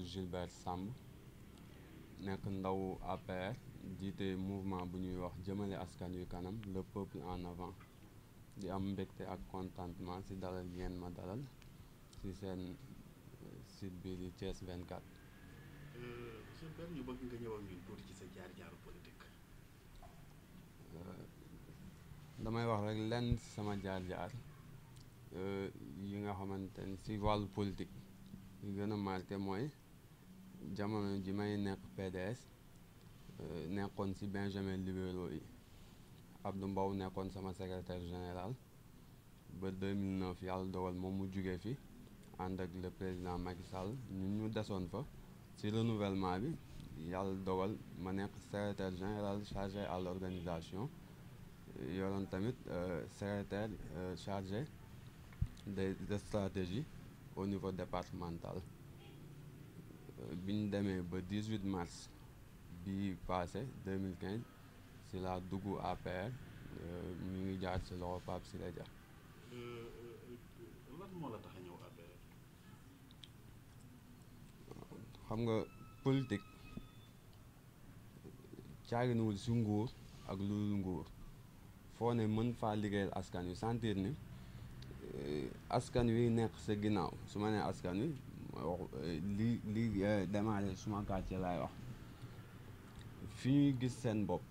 Amadou Gilbert Samb nekk ndaw APR jiite mouvement bu ñuy wax jëmale askan wi kanam le peuple en avant di am mbégte ak contentement ci dalal ngeen ma dalal ci seen euh, site bi di Thiès 24. Gilbert euh, ñu bëgg nga ñëwoon ñun tuuti ci sa jaar-jaaru politique. Euh, damay wax rek lenn sama jaar-jaar yi nga xamante ni ci wàll politique yi gën a marqué mooy. jamono ji may nekk PDS euh, nekkoon ci Benjamin libéraux yi Abdou Mbow nekkoon sama secrétaire général ba 2009 yàlla dogal moom mu jugee fi ànd ak le président Macky Sall ñun ñu desoon fa ci renouvellement bi yàlla dogal ma nekk secrétaire général chargé à l'organisation yoroon tamit euh, secrétaire euh, chargé de stratégies au niveau départemental biñ demee ba 18 mars bi passé 2015 si la dugg APR euh, ñu ngi jaar si loxo Pape Siré euh, euh, la tax xam nga politik caaginuwul si nguur ak lu dul nguur foo ne mën faa liggéeyal askan wi sentir ni askan wi nekk sa ginnaaw su ma nee askan wi. li li eh, démarré suma quartier laay wax fi ñuy gis seen bopp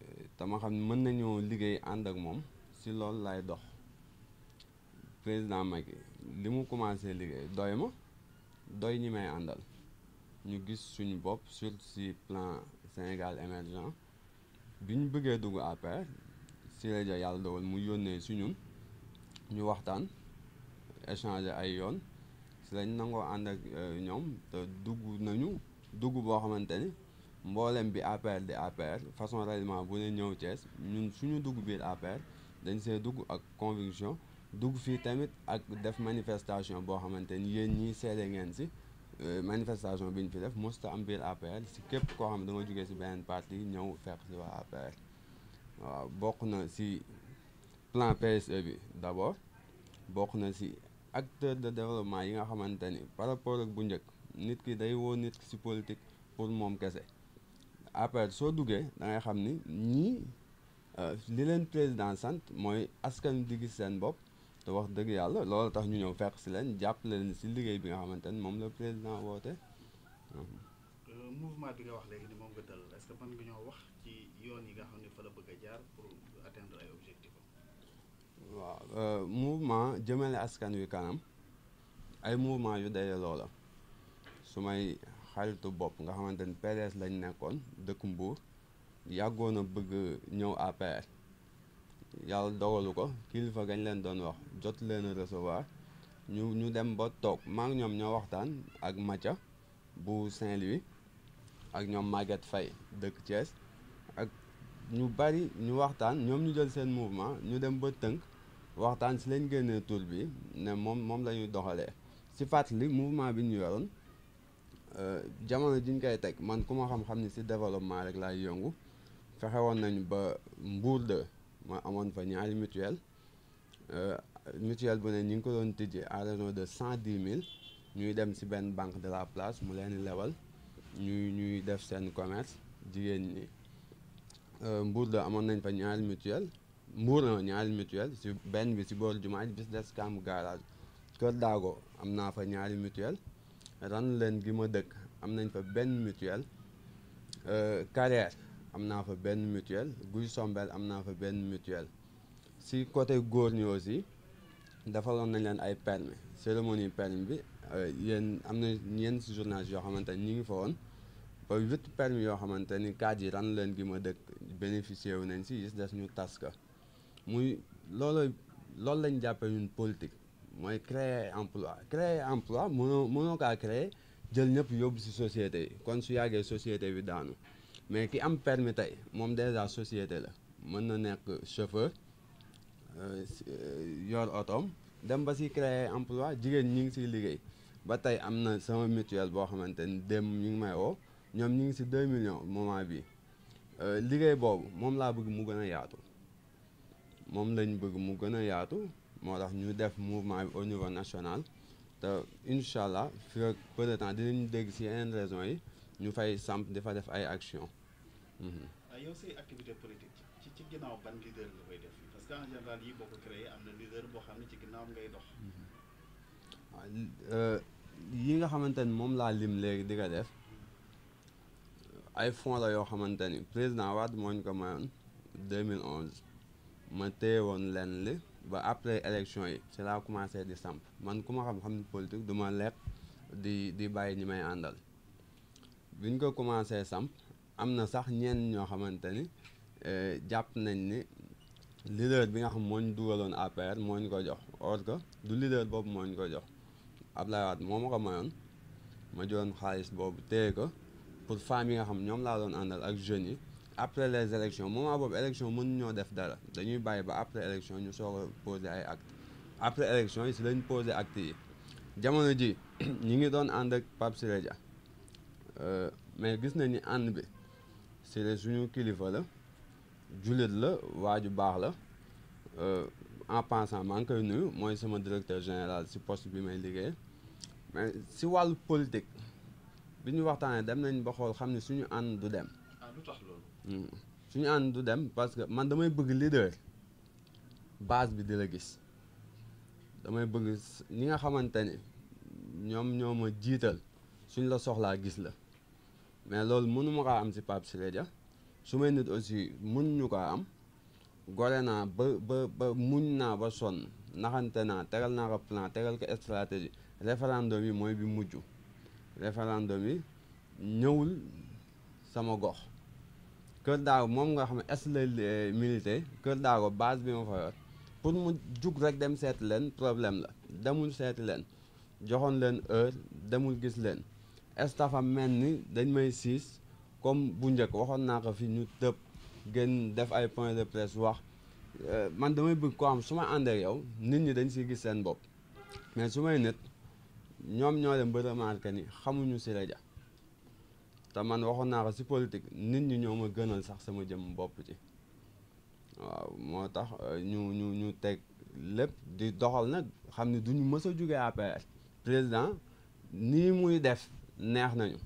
eh, tama xam mën nañoo liggéey ànd ak moom si loolu lay dox président Macky li mu commencé liggéey doy ma doy ñi may àndal ñu gis suñu bopp surtout si plan Sénégal émergent bi ñu bëggee dugg APR si rajo yàlla dogal mu yónnee si ñu waxtaan échanger ay yoon si lañ nangoo ànd ak euh, ñoom te dugg nañu dugg boo xamante ni mboolem bi APR di APR façon ralliement bu ne ñëw cees ñun suñu dugg biir APR dañ see dugg ak conviction dugg fii tamit ak def manifestation boo xamante ni yéen ñii seede ngeen si euh, manifestation bi ñu fi def mosta am biir APR si képp koo xam ne da nga jógee si beneen parti ñëw fekk si waa APR waaw bokk na si plan PSE bi d' abord bokk na si acteur de développement yi nga xamante ni par rapport ak bu njëkk nit ki day woo nit ki si politique pour moom kese après soo duggee da xam ni ñii euh, li leen président sant mooy askan di gis seen bopp te wax dëgg yàlla loolu tax ñu ñëw fekk si leen jàppale leen si liggéey bi nga xamante ni moom la président woote. Euh, mouvement bi nga wax léegi ni moom nga dal est-ce que mën nga ñoo wax ci yoon yi nga xam ne fa la bëgg a jaar pour atteindre ay objectifs. waaw euh, mouvement jëmale askan wi kanam ay mouvement yu daje loola su may xaritu bopp nga xamante ni PDS lañ nekkoon dëkk Mbour yàggoon a bëgg ñëw APR yàlla dogalu ko kilifa gañ leen doon wax jot leen a recevoir ñu ñu dem ba toog maa ñoom ñoo waxtaan ak Mathia bu Saint-Louis ak ñoom Maguette Faye dëkk Thiès ak ñu bari ñu waxtaan ñoom ñu jël seen mouvement ñu dem ba tënk waxtaan si lañ génne tur bi ne moom moom la ñuy doxalee si fàttali mouvement bi ñu yoroon euh, jamono ji ñu koy teg man ku ma xam-xam ni si développement rek laay yongu fexe woon nañu ba Mbour de ma amoon fa ñaari mutuelle euh, mutuelle bu ne ñu ngi ko doon tijji à raison de cent dix mille ñuy dem si benn banque de la place mu leen lebal ñuy ñuy def seen commerce jigéen ñi euh, Mbour de amoon nañ fa ñaari mutuelle mbuur na ñaari mutuelle si benn bi si boor jumaa ji bis des kaamu garage kër daago am naa fa ñaari mutuelle ran leen gi ma dëkk am nañ fa benn mutuelle euh, carrière am naa fa benn mutuelle guy sombel am naa fa benn mutuelle si côté góor ñi aussi defaloon nañ leen ay permis cérémonie permis bi euh, yéen am na ñeent si journage yoo xamante ni ñu ngi fa woon ba huit permis yoo xamante ni cadre yi ran leen gi ma dëkk bénéficié wu nañ si gis des ñu taska muy loolooy loolu lañ jàppee ñun politique mooy créer emploi créer emploi mënoo mënoo kaa créer jël ñëpp yóbbu si société yi kon su yàggee société bi daanu mais ki am permis tey moom déjà société la mën na nekk chauffeur euh, yor otoom dem ba si créer emploi jigéen ñi ngi si liggéey ba tey am na sama mutuelle boo xamante ni démb ñu ngi may woo ñoom ñu ngi si 2 millions moment bi euh, liggéey boobu moom laa bëgg mu gën a yaatu moom lañ bëgg mu gën a yaatu moo tax ñu def mouvement bi au niveau national te incha allah fii ak peu de dinañu dégg si yeneen raison yi ñu fay samp dafa def ay action mhm. ah, yow say activité politique ci ci ginnaaw ban leader nga koy def parce que yi boo xam ne ci ginnaaw ngay dox. waaw mhm. ah, euh, nga xamante ni moom laa lim léegi di ko def ay fonds la yoo xamante ni président Wade moo ñu ko mayoon ma téye woon leen li ba après élection yi ci laa commencé di samp man ku ma xam xam ni politique du lekk di di bàyyi ñi may àndal bi ñu ko commencé samp am na sax ñenn ñoo xamante ni eh, jàpp nañ ni leader bi nga xam moo ñu dugaloon appaire moo ñu ko jox or que du leader boobu moo ñu ko jox Abdoulaye Wade moo ma ko mayoon ma joxoon xaalis boobu téye ko pour femmes yi nga xam ñoom laa doon àndal ak jeunes yi après les élections moment boobu élection mënu ñoo def dara dañuy bàyyi ba après élection ñu soog a posé ay acte après élection yi si lañ posé acte yi jamono ji ñu ngi doon ànd ak Pape Siré euh, mais gis nañ ni ànd bi Siré suñu kilifa la jullit la waa ju baax la euh, en pensant maa ngi nu nuyu mooy sama directeur général si poste bi may liggéey mais si wàllu politique bi ñu waxtaanee dem nañ ba xool xam ne suñu ànd du dem ah, suñu ànd du dem parce que man damay bëgg leader base bi di la gis damay bëgg ñi nga xamante ni ñoom ñoo ma jiital suñ la soxlaa gis la mais loolu mënuma ma kaa am si Pape Siré Dia su may nit aussi mënuñu kaa am gore naa ba ba ba muñ naa ba sonn naxante naa tegal naa ko plan tegal ko stratégie référendum yi mooy bi mujj référendum yi ñëwul sama gox Kër Daago moom nga xam ne est la euh, milité Kër Daago base bi ma fa yor pour mu jug rek dem seeti leen problème la demul seeti leen joxoon leen heure demul gis leen estafa mel ni dañ may siis comme bu njëkk waxoon naa ko fi ñu tëb gen def ay point de presse wax euh, man damay bëgg ko am su ma ànd yow nit ñi dañ siy gis seen bopp mais su may nit ñoom ñoo dem ba remarqué ni xamuñu si reja te man waxoon naa ko si politique nit ñi ñoo ma gënal sax sama jëm bopp ci waaw moo tax euh, ñu ñu ñu teg lépp di doxal nag xam ne duñu mës a jóge APR président nii muy def neex nañu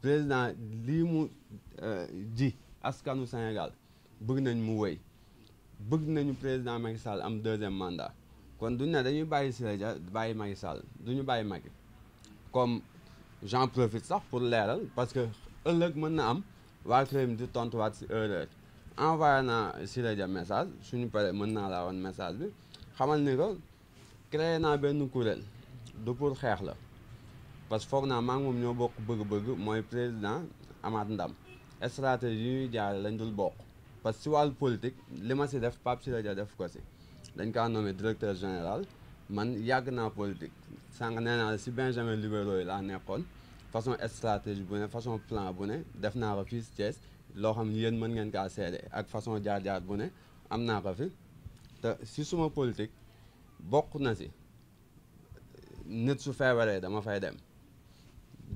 président lii mu euh, ji askanu Sénégal bëgg nañ mu wéy bëgg nañu président Macky Sall am deuxième mandat kon duñ ne dañuy bàyyi Siré Dia bàyyi Macky Sall duñu bàyyi Macky comme j'en profite sax pour leeral parce que ëllëg mën na am waa Clem di tontuwaat si erreur envoyé naa si rajo message suñu paree mën naa laa woon message bi xamal ni que créé naa benn kuréel du pour xeex la parce que foog naa maa ngi moom ñoo bokk bëgg-bëgg mooy président amaat ndam stratégie yu ñuy jaare lañ dul bokk parce que si wàllu politique li ma si def Pape Siré Dia def ko si dañ kaa nommé directeur général man yàgg naa politique sànq nee naa si Benjamin Libéraux yi laa nekkoon façon stratégie bu ne façon plan bu ne def naa ko fii si loo xam ne yéen mën ngeen kaa seede ak façon jaar-jaar bu ne am naa ko fi te si suma politique bokk na si nit su feebaree dama fay dem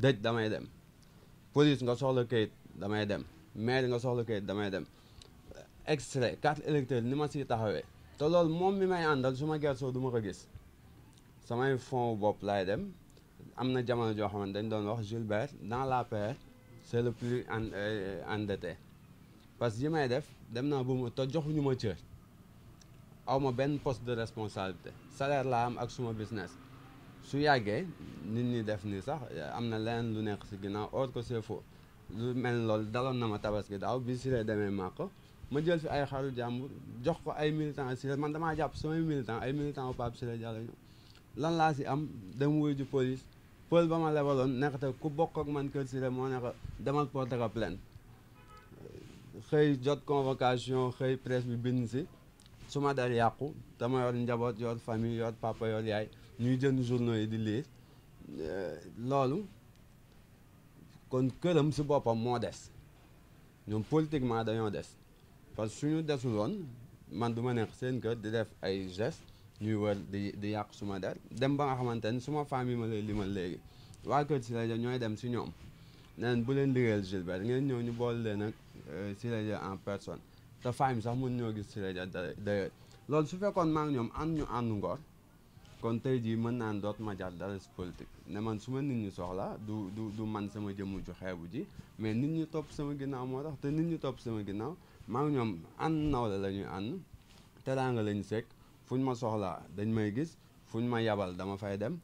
dëj damay dem police nga soxla kayit damay dem maire nga soxla kayit damay dem extrait carte électeur ni ma siy taxawee te loolu moom mi may àndal suma ma gersoo du ma ko gis samay fond bopp laay dem am na jamono joo ne dañ doon wax Gilbert la l'APR c'est le plus euh, endetté parce que yi may def dem naa ba mu te joxuñu ma cër aw ma benn poste de responsabilité salaire laa am ak suma business su yàggee nit ñi def nii sax am na leneen lu nekk si ginnaaw or que c'est faux lu mel loolu daloon na ma tabaski daaw bi si lay demee màkk ma jël fi ay xaru jàmbur jox ko ay militants si man damaa jàpp samay militants ay militants au Pape lan laa si am dem wuyu ji police pël ba ma lebaloon nekkate ku bokk ak man kër si rek moo nekk demal porté ko plainte xëy jot convocation xëy presse bi bind si su ma der yàqu dama yor njaboot yor famille yor papa yor yaay ñuy jën journaux yi di lire euh, loolu kon këram si boppam moo des ñoom politiquement dañoo des parce que suñu desul woon man du ma nekk seen kër di def ay gestes ñuy wër di di yàq suma der dem ba nga xamante ni suma yi ma lay limal léegi waa kër si rajo ñooy dem si ñoom neen bu leen liggéeyal Gilbert ngeen ñëw ñu boole leen ak euh, si rajo en personne te famille sax mun ñoo gis si rajo d'ailleurs loolu su fekkoon maa ñoom an ñu ànd ngor kon tey jii mën naa doot ma jar dara si politique ne man suma nit ñu soxla du du du man sama jëmm ju xeebu ji mais nit ñu topp sama ginnaaw moo tax te nit ñu topp sama ginnaaw maa ñoom ànd nawle la ñuy ànd teraanga la ñu fu fuñ ma soxlaa dañ may gis fu fuñ ma yabal dama fay dem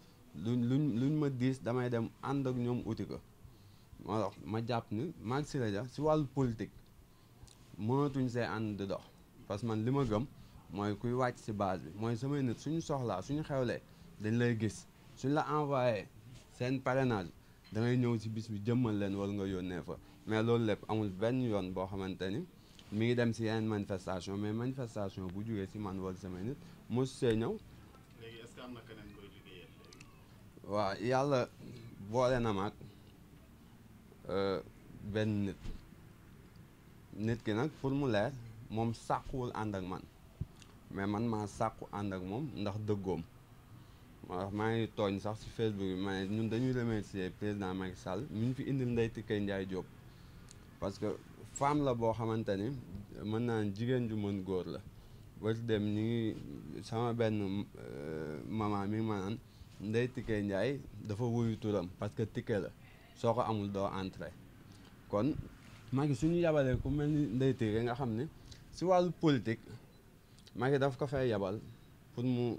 luñ luñ luñ ma diis damay dem ànd ak ñoom uti ko ma jàpp ni maag Siré Dia si wàllu politique mënatuñ see ànd di dox parce que man li ma gëm mooy kuy wàcc si base bi mooy samay nit suñu soxlaa suñu xewlee dañ lay gis suñ la envoyé seen parrainage da ñëw ci bis bi jëmmal leen wala nga yónnee fa mais loolu lépp amul benn yoon boo xamante ni mi ngi dem si yeneen manifestation mais manifestation bu jugee si man wala sama nit mosu see ñëw. léegi waaw yàlla boole na maag euh, benn nit nit ki nag pour mu leer moom sàkkuwul ànd ak man mais man maa sàkku ànd ak moom ndax dëggoom moo tax maa ngi tooñ sax si Facebook bi ma ne ñun dañuy remercier président Macky Sall mi ñu fi indil Ndeye Tické Ndiaye Diop parce que. femme la boo xamante ni mën naa jigéen ju mën góor la bari dem ñu ngi sama benn euh, maman mi ma naan Ndeye Tické Ndiaye dafa wuyu turam parce que ticket la soo ko amul doo entré kon Macky suñu yabalee ku mel ni Ndeye Tické nga xam ni si wàllu politique Macky daf ko fay yabal pour mu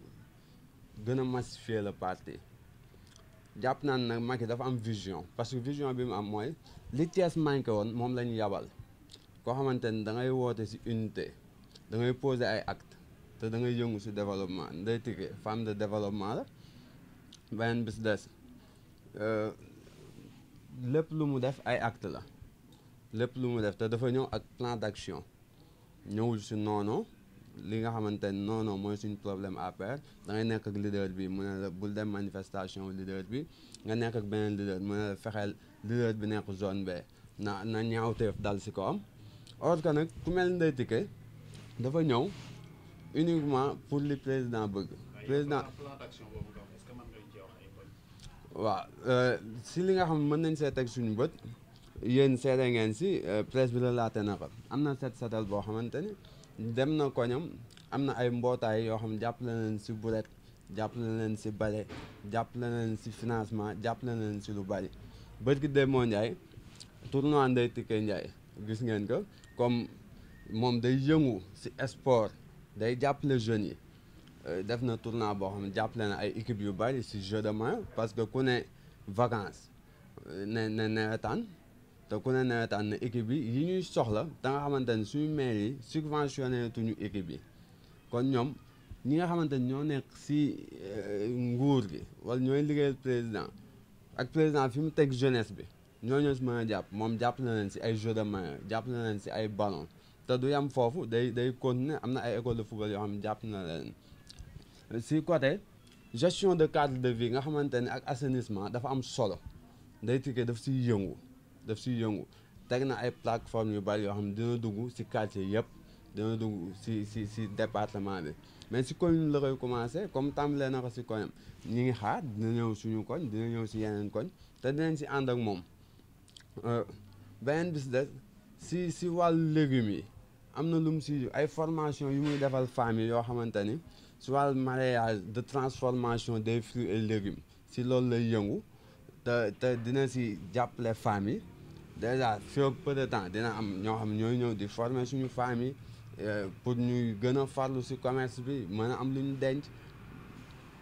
gën a massifier le parti jàpp naan nag Macky dafa am vision parce que vision bi mu am mooy li Thiès manqué woon moom la ñu yabal koo xamante ni da ngay woote si unité da ngay poser ay actes te da ngay yëngu si développement Ndeye Tické femme de développement la beneen bis des euh, lépp lu mu def ay act la lépp lu mu def te dafa ñëw ak plan d'action ñëwul si noono li nga xamante ni non mooy suñu problème APR da ngay nekk ak leader bi mu ne la bul dem manifestation leader bi nga nekk ak beneen leader mu ne la fexeel leader bi nekk zone B na na ñaawteef dal si ko am or que nag ku mel Ndeye dafa ñëw uniquement pour li président bëgg président waaw euh, si li nga xam mën nañ see teg suñu bët yéen seede ngeen si euh, presse bi laate na ko am na set setal boo xamante ni dem na koñam am na ay mbootaay yoo xam jàppale leen si buret jàppale leen si bale jàppale leen si financement jàppale leen si lu bari bët gi de moo Ndiaye tournoi Ndeye Ndiaye gis ngeen ko comme moom day yëngu si sport day jàppale jeunes yi euh, def na tournoi boo xam ne jàppale na ay équipe yu bari si jeu de main parce que ku ne vacances euh, ne ne nawetaan te ku ne nawetaan ne équipe yi yi ñuy soxla da nga xamante ne suñu maire yi subventionné tuñu équipe yi kon ñoom ñi nga xamante ni ñoo nekk si euh, nguur gi wala ñooy liggéeyal président ak président fi mu teg jeunesse bi ñooñu si mën a jàpp moom jàpp na leen si ay jeu de main jàpp na leen si ay ballon te du yam foofu day day continuer am na ay école de football yoo xam jàpp na leen si côté gestion de cadre de vie nga xamante ne ak assainissement dafa am solo day tikkee daf siy yëngu daf siy yëngu teg na ay plateforme yu bari yoo xam dina dugg si quartier yëpp dina dugg si si si département bi mais si commune la koy commencé comme tàmbalee na ko si koñam ñi ngi xaar dina ñëw suñu koñ dina ñëw si yeneen koñ te dinañ si ànd ak moom Euh, beneen bis si si wàllu légumes yi am na lu mu si ay formation yu muy defal femmes yi yoo xamante ni si wàllu maraîchage de transformation des fruits et légumes si loolu lay yëngu te te dina si jàppale femmes yi déjà fii peu de temps dina am ñoo xam ñooy ñëw di former suñu femmes yi euh, pour ñuy gën a farlu si commerce bi mën a am lu ñu denc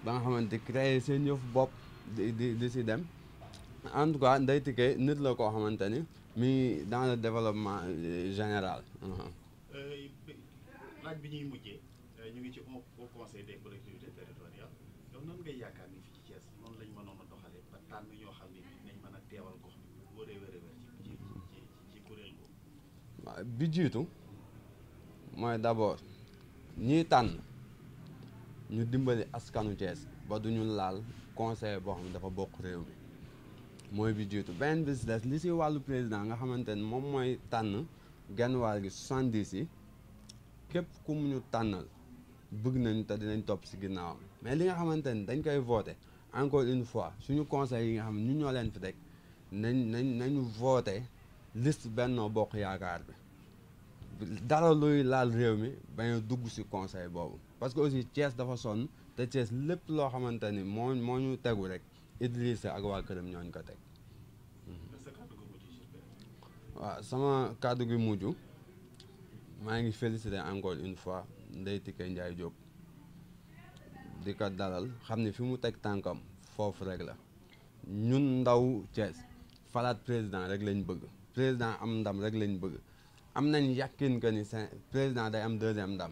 ba nga xamante créer seen yëfu bopp di di di si dem en tout cas Ndeye nit la koo xamante ni mi dans le euh, général. Uh-huh. Euh, bi ñuy mujjee euh, ñu ngi ci au conseil des collectivités territoriales yow nan ngay yaakaar ni fii ci Thiès lañ mënoon a doxalee ba xam ne dinañ mën a teewal gox bi jiitu mooy d'abord ñiy tànn ñu dimbali askanu Thiès ba duñu laal conseil boo xam ne dafa bokk réew mi. mooy bi jiitu beneen bi si des li si wàllu président nga xamante ni moom mooy tànn ganwaar gi 70 yi képp ku mu ñu tànnal bëgg nañ te dinañ topp si ginnaawam mais li nga xamante ni dañ koy voté encore une fois suñu conseil yi nga xam ne ñu ñoo leen fi teg nañ nañ nañu voté liste Benno Bokk Yaakaar bi dara luy laal réew mi bañ dugg si conseil boobu parce que aussi Thiès dafa sonn te Thiès lépp loo xamante ni moo moo ñu tegu rek Idrissa ak waa këram ñooñ ko teg waaw sama kàddu gi mujj maa ngi félicité encore une fois Ndeye Tické Ndiaye Diop di ko dalal xam ne fi mu teg tànkam foofu rek la ñun ndaw Thiès falaat président rek lañ bëgg président am ndam rek lañ bëgg am nañ yàqin que ni président day am deuxième ndam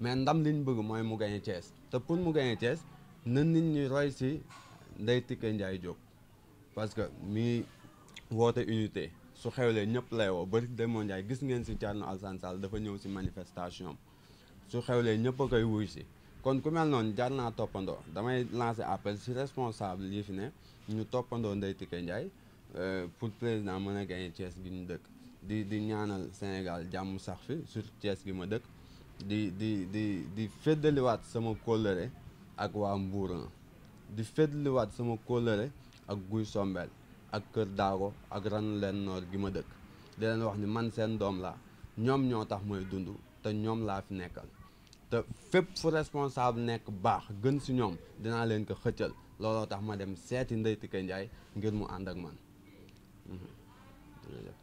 mais ndam liñ bëgg mooy mu gañe Thiès te pour mu gañe Thiès na nit ñi roy si Ndeye Tické Ndiaye Diop parce que mi woote unité su xewlee ñëpp lay woo bari Demba Ndiaye gis ngeen si Thierno Alassane dafa ñëw si manifestation su xewlee ñëpp a koy wuy si kon ku mel noonu jaar naa toppandoo damay lancer appel si responsable yi fi ne ñu toppandoo Ndeye Tické Ndiaye euh, pour président mën a gagné Thiès gi ñu dëkk di di ñaanal Sénégal jàmm sax fi surtout Thiès gi ma dëkk di di di di feddaliwaat sama kóllëre ak waa Mbuur di fedliwaat sama kóllëre ak guy sombeel ak kër daaro ak ran leen noor gi ma dëkk di leen wax ni man seen doom laa ñoom ñoo tax mooy dund te ñoom laa fi nekkal te fépp fu responsable nekk baax gën si ñoom dinaa leen ko xëccal looloo tax ma dem seeti Ndeye Tické Ndiaye ngir mu ànd ak man mhm.